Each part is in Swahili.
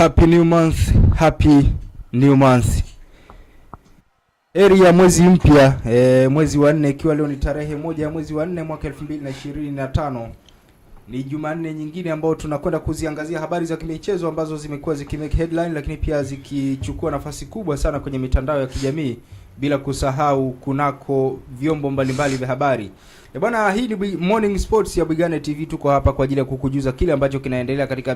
Happy new month, happy new month. Heri ya mwezi mpya e, mwezi wa nne, ikiwa leo ni tarehe moja ya mwezi wa nne mwaka 2025 ni Jumanne nyingine ambayo tunakwenda kuziangazia habari za kimichezo ambazo zimekuwa zikimake headline, lakini pia zikichukua nafasi kubwa sana kwenye mitandao ya kijamii bila kusahau kunako vyombo mbalimbali vya habari. E bwana, hii ni Morning Sports ya Bwigane TV. Tuko hapa kwa ajili ya kukujuza kile ambacho kinaendelea katika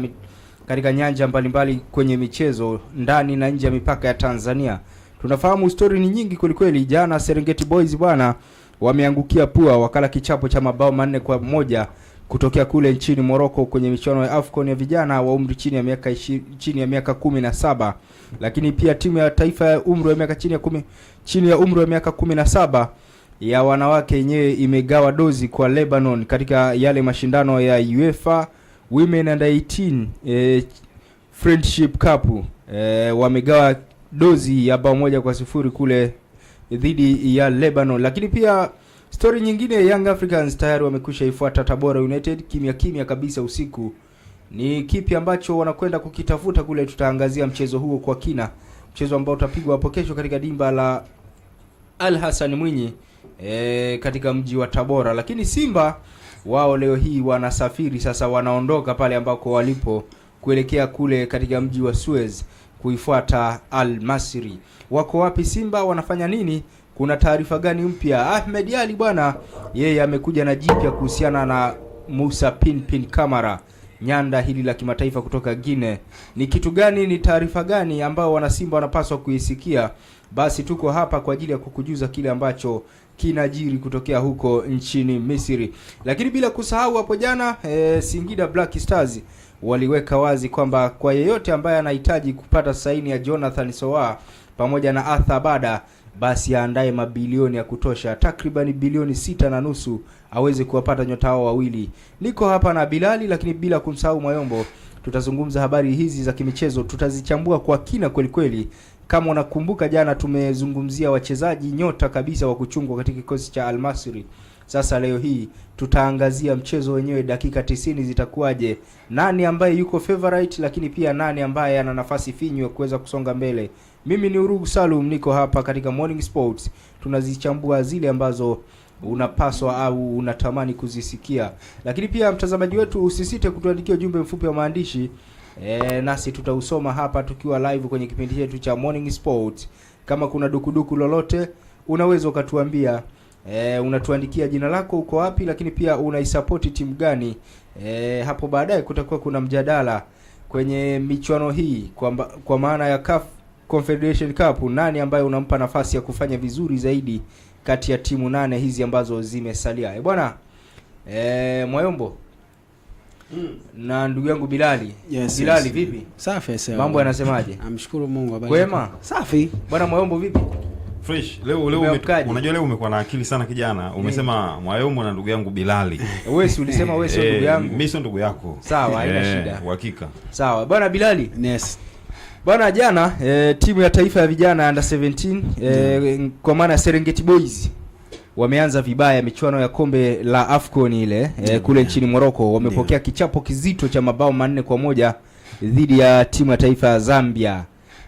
katika nyanja mbalimbali kwenye michezo ndani na nje ya mipaka ya Tanzania. Tunafahamu stori ni nyingi kwelikweli. Jana Serengeti Boys bwana wameangukia pua, wakala kichapo cha mabao manne kwa moja kutokea kule nchini Morocco kwenye michuano ya AFCON ya vijana wa umri chini ya miaka ishi, chini ya miaka kumi na saba, lakini pia timu ya taifa ya umri wa miaka chini ya kumi, chini ya umri wa miaka kumi na saba ya wanawake yenyewe imegawa dozi kwa Lebanon katika yale mashindano ya UEFA Women under 18 eh, Friendship Cup eh, wamegawa dozi ya bao moja kwa sifuri kule dhidi ya Lebanon, lakini pia stori nyingine Young Africans tayari wamekwisha ifuata Tabora United kimya kimya kabisa usiku. Ni kipi ambacho wanakwenda kukitafuta kule? Tutaangazia mchezo huo kwa kina, mchezo ambao utapigwa hapo kesho katika dimba la Al Hassan Mwinyi e, katika mji wa Tabora. Lakini Simba wao leo hii wanasafiri sasa, wanaondoka pale ambako walipo kuelekea kule katika mji wa Suez kuifuata Al Masri. Wako wapi Simba? Wanafanya nini? Kuna taarifa gani mpya? Ahmed Ali bwana, yeye amekuja na jipya kuhusiana na Musa Pinpin Kamara, nyanda hili la kimataifa kutoka Guinea. Ni kitu gani? Ni taarifa gani ambayo wanasimba wanapaswa kuisikia? Basi tuko hapa kwa ajili ya kukujuza kile ambacho kinajiri kutokea huko nchini Misri. Lakini bila kusahau hapo jana e, Singida Black Stars waliweka wazi kwamba kwa yeyote ambaye anahitaji kupata saini ya Jonathan Soa pamoja na Arthur Bada basi aandae mabilioni ya kutosha, takriban bilioni sita na nusu aweze kuwapata nyota hao wawili. Niko hapa na Bilali, lakini bila kumsahau Mwayombo tutazungumza habari hizi za kimichezo, tutazichambua kwa kina kweli kweli. Kama unakumbuka, jana tumezungumzia wachezaji nyota kabisa wa kuchungwa katika kikosi cha Almasri. Sasa leo hii tutaangazia mchezo wenyewe, dakika tisini zitakuwaje, nani ambaye yuko favorite, lakini pia nani ambaye ana nafasi finyu ya kuweza kusonga mbele. Mimi ni Urugu Salum, niko hapa katika Morning Sports, tunazichambua zile ambazo unapaswa au unatamani kuzisikia. Lakini pia mtazamaji wetu, usisite kutuandikia ujumbe mfupi wa maandishi e, nasi tutausoma hapa tukiwa live kwenye kipindi chetu cha Morning Sport. Kama kuna dukuduku lolote unaweza ukatuambia. E, unatuandikia jina lako, uko wapi, lakini pia unaisapoti timu gani? E, hapo baadaye kutakuwa kuna mjadala kwenye michuano hii kwa, kwa maana ya CAF Confederation Cup, nani ambaye unampa nafasi ya kufanya vizuri zaidi kati ya timu nane hizi ambazo zimesalia. E bwana e, Mwayombo Mm. Na ndugu yangu Bilali. Yes, Bilali yes. Vipi? Safi sawa. Mambo yanasemaje? Amshukuru Mungu habari. Kwema? Safi. Bwana Mwayombo vipi? Fresh. Leo leo ume, unajua leo umekuwa na akili sana kijana. Umesema eh. Mwayombo na ndugu yangu Bilali. Wewe si ulisema wewe sio ndugu yangu. Mimi sio ndugu yako. Sawa, haina shida. Uhakika. Sawa. Bwana Bilali. Yes. Bwana jana e, timu ya taifa ya vijana under 17 e, eh, kwa maana ya Serengeti Boys wameanza vibaya michuano ya kombe la Afcon ile e, kule nchini Morocco wamepokea kichapo kizito cha mabao manne kwa moja dhidi ya timu ya taifa ya Zambia.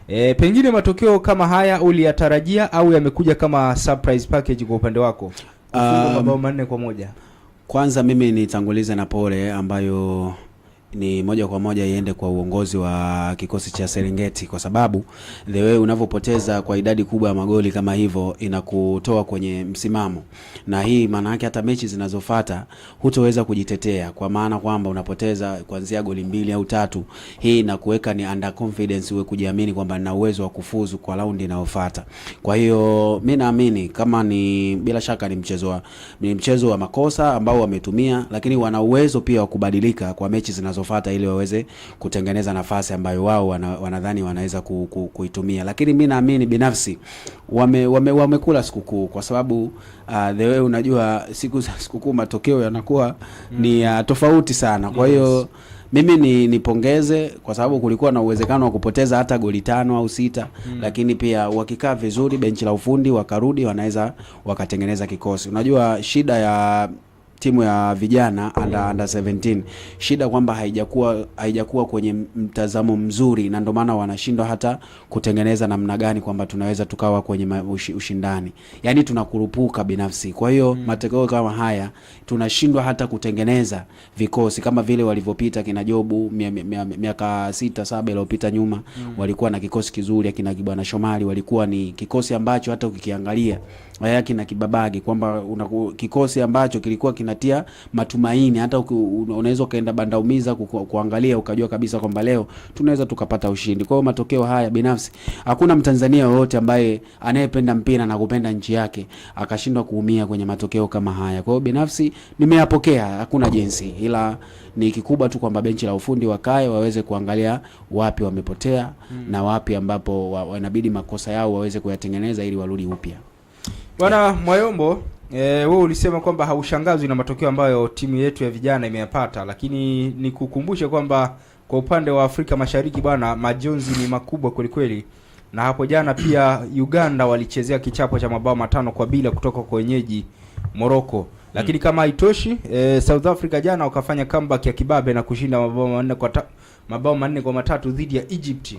E, pengine matokeo kama haya uliyatarajia au yamekuja kama surprise package kwa upande wako? Um, mabao manne kwa moja. Kwanza mimi nitangulize na pole ambayo ni moja kwa moja iende kwa uongozi wa kikosi cha Serengeti kwa sababu the way unavyopoteza kwa idadi kubwa ya magoli kama hivyo inakutoa kwenye msimamo, na hii maana yake hata mechi zinazofuata hutoweza kujitetea, kwa maana kwamba unapoteza kuanzia goli mbili au tatu. Hii inakuweka ni under confidence, uwe kujiamini kwamba nina uwezo wa kufuzu kwa raundi inayofuata. Kwa hiyo mi naamini kama ni bila shaka ni mchezo wa, ni mchezo wa makosa ambao wametumia, lakini wana uwezo pia wa kubadilika kwa mechi zinazo kutufuata ili waweze kutengeneza nafasi ambayo wao wanadhani wanaweza ku, ku, kuitumia. Lakini mi naamini binafsi wame, wame, wamekula sikukuu kwa sababu uh, the way unajua siku za sikukuu matokeo yanakuwa mm. ni uh, tofauti sana, kwa hiyo yes. Mimi ni nipongeze kwa sababu kulikuwa na uwezekano wa kupoteza hata goli tano au sita mm. Lakini pia wakikaa vizuri benchi la ufundi wakarudi, wanaweza wakatengeneza kikosi. Unajua shida ya timu ya vijana under, under 17 shida kwamba haijakuwa haijakuwa kwenye mtazamo mzuri, na ndio maana wanashindwa hata kutengeneza namna gani kwamba tunaweza tukawa kwenye ushindani, yaani tunakurupuka binafsi. Kwa hiyo mm. matokeo kama haya tunashindwa hata kutengeneza vikosi kama vile walivyopita kina Jobu miaka sita saba iliyopita nyuma mm. walikuwa na kikosi kizuri, akina Bwana Shomali walikuwa ni kikosi ambacho hata ukikiangalia yake eh, na kibabage kwamba kikosi ambacho kilikuwa kinatia matumaini, hata unaweza ukaenda bandaumiza kuangalia ukajua kabisa kwamba leo tunaweza tukapata ushindi. Kwa hiyo matokeo haya, binafsi hakuna Mtanzania yoyote ambaye anayependa mpira na kupenda nchi yake akashindwa kuumia kwenye matokeo kama haya. Kwa hiyo binafsi nimeyapokea, hakuna jinsi, ila ni kikubwa tu kwamba benchi la ufundi wakae waweze kuangalia wapi wamepotea, hmm, na wapi ambapo wanabidi makosa yao waweze kuyatengeneza ili warudi upya. Bwana Mwayombo, eh, ulisema kwamba haushangazwi na matokeo ambayo timu yetu ya vijana imeyapata, lakini nikukumbushe kwamba kwa upande wa Afrika Mashariki bwana, majonzi ni makubwa kweli kweli, na hapo jana pia Uganda walichezea kichapo cha mabao matano kwa bila kutoka kwa wenyeji Morocco, lakini mm. kama haitoshi e, South Africa jana wakafanya comeback ya kibabe na kushinda mabao manne kwa mabao manne kwa matatu dhidi ya Egypt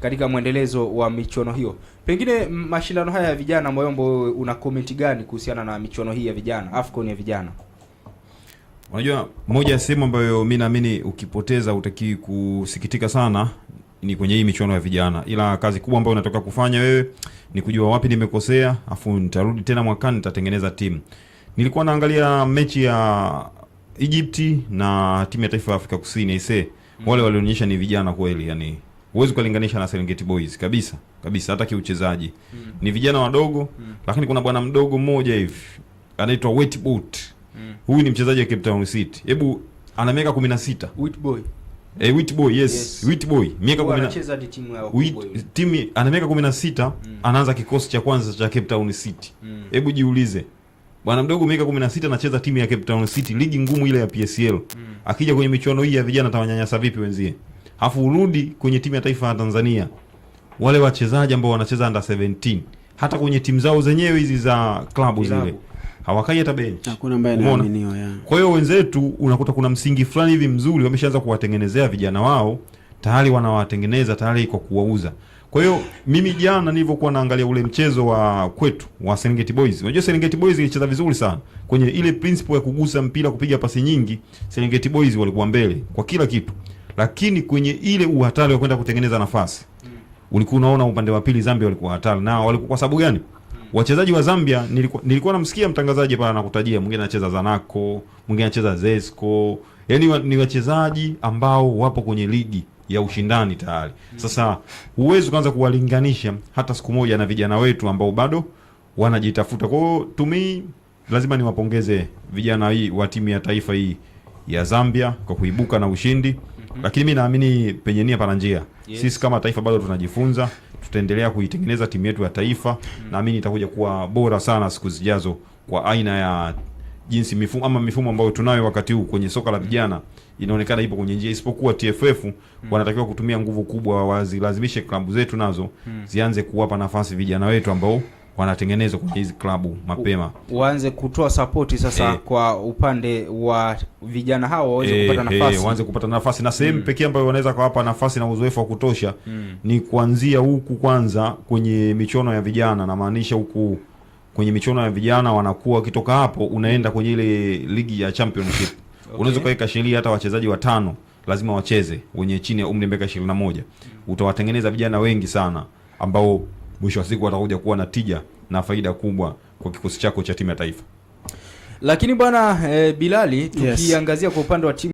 katika mwendelezo wa michuano hiyo. Pengine mashindano haya ya vijana, Moyombo, una comment gani kuhusiana na michuano hii ya vijana, AFCON ya vijana? Unajua, moja ya sehemu ambayo mi naamini ukipoteza utaki kusikitika sana ni kwenye hii michuano ya vijana, ila kazi kubwa ambayo unatoka kufanya wewe ni kujua wapi nimekosea, afu nitarudi tena mwakani nitatengeneza timu. Nilikuwa naangalia mechi ya Egypt na timu ya taifa ya Afrika Kusini ise, mm. wale walionyesha ni vijana kweli yani huwezi ukalinganisha na Serengeti Boys kabisa kabisa, hata kiuchezaji mm. ni vijana wadogo mm. lakini kuna bwana mdogo mmoja hivi anaitwa Wetboot mm. huyu ni mchezaji wa Cape Town City, hebu ana miaka 16 Wetboy eh, Wetboy yes, yes. Wetboy miaka 10 anacheza hadi timu yao kubwa timu, ana miaka 16 mm. anaanza kikosi cha kwanza cha Cape Town City, hmm. hebu mm. jiulize bwana mdogo miaka 16 anacheza timu ya Cape Town City, ligi ngumu ile ya PSL mm. akija kwenye michuano hii ya vijana atawanyanyasa vipi wenzie? afu urudi kwenye timu ya taifa ya Tanzania, wale wachezaji ambao wanacheza under 17 hata kwenye timu zao zenyewe hizi za klabu zile hawakai hata benchi. Hakuna ambaye anaaminiwa yani. Kwa hiyo wenzetu unakuta kuna msingi fulani hivi mzuri wameshaanza kuwatengenezea vijana wao, tayari wanawatengeneza tayari kwa kuwauza. Kwa hiyo mimi jana nilivyokuwa naangalia ule mchezo wa kwetu wa Serengeti Boys. Unajua Serengeti Boys ilicheza vizuri sana. Kwenye ile principle ya kugusa mpira, kupiga pasi nyingi, Serengeti Boys walikuwa mbele kwa kila kitu lakini kwenye ile uhatari wa kwenda kutengeneza nafasi mm. ulikuwa unaona upande wa pili Zambia walikuwa hatari na walikuwa kwa sababu gani? mm. Wachezaji wa Zambia nilikuwa, nilikuwa namsikia mtangazaji pale anakutajia mwingine anacheza Zanaco, mwingine anacheza Zesco. Yaani wa, ni wachezaji ambao wapo kwenye ligi ya ushindani tayari. mm. Sasa huwezi kuanza kuwalinganisha hata siku moja na vijana wetu ambao bado wanajitafuta. Kwa hiyo to lazima niwapongeze vijana hii wa timu ya taifa hii ya Zambia kwa kuibuka na ushindi. Mhm. Lakini mi naamini penye nia pana njia yes. Sisi kama taifa bado tunajifunza, tutaendelea kuitengeneza timu yetu ya taifa mm -hmm. Naamini itakuja kuwa bora sana siku zijazo kwa aina ya jinsi mifumo ama mifumo ambayo tunayo wakati huu kwenye soka la mhm. vijana inaonekana ipo kwenye njia, isipokuwa TFF mm. wanatakiwa kutumia nguvu kubwa, wazilazimishe klabu zetu nazo mm. zianze kuwapa nafasi vijana wetu ambao wanatengenezwa kwenye hizi klabu mapema, uanze kutoa sapoti sasa e, kwa upande wa vijana hao waweze e, kupata eh, nafasi e, waanze kupata nafasi na sehemu mm. pekee ambayo wanaweza kawapa nafasi na uzoefu wa kutosha mm. ni kuanzia huku kwanza kwenye michono ya vijana, namaanisha huku kwenye michuano ya vijana wanakuwa, wakitoka hapo unaenda kwenye ile ligi ya championship okay. Unaweza ukaweka sheria hata wachezaji watano lazima wacheze wenye chini ya umri miaka ishirini na moja. Mm. Utawatengeneza vijana wengi sana ambao mwisho wa siku watakuja kuwa na tija na faida kubwa kwa kikosi chako cha timu ya taifa. Lakini bwana e, Bilali tukiangazia yes, kwa upande wa timu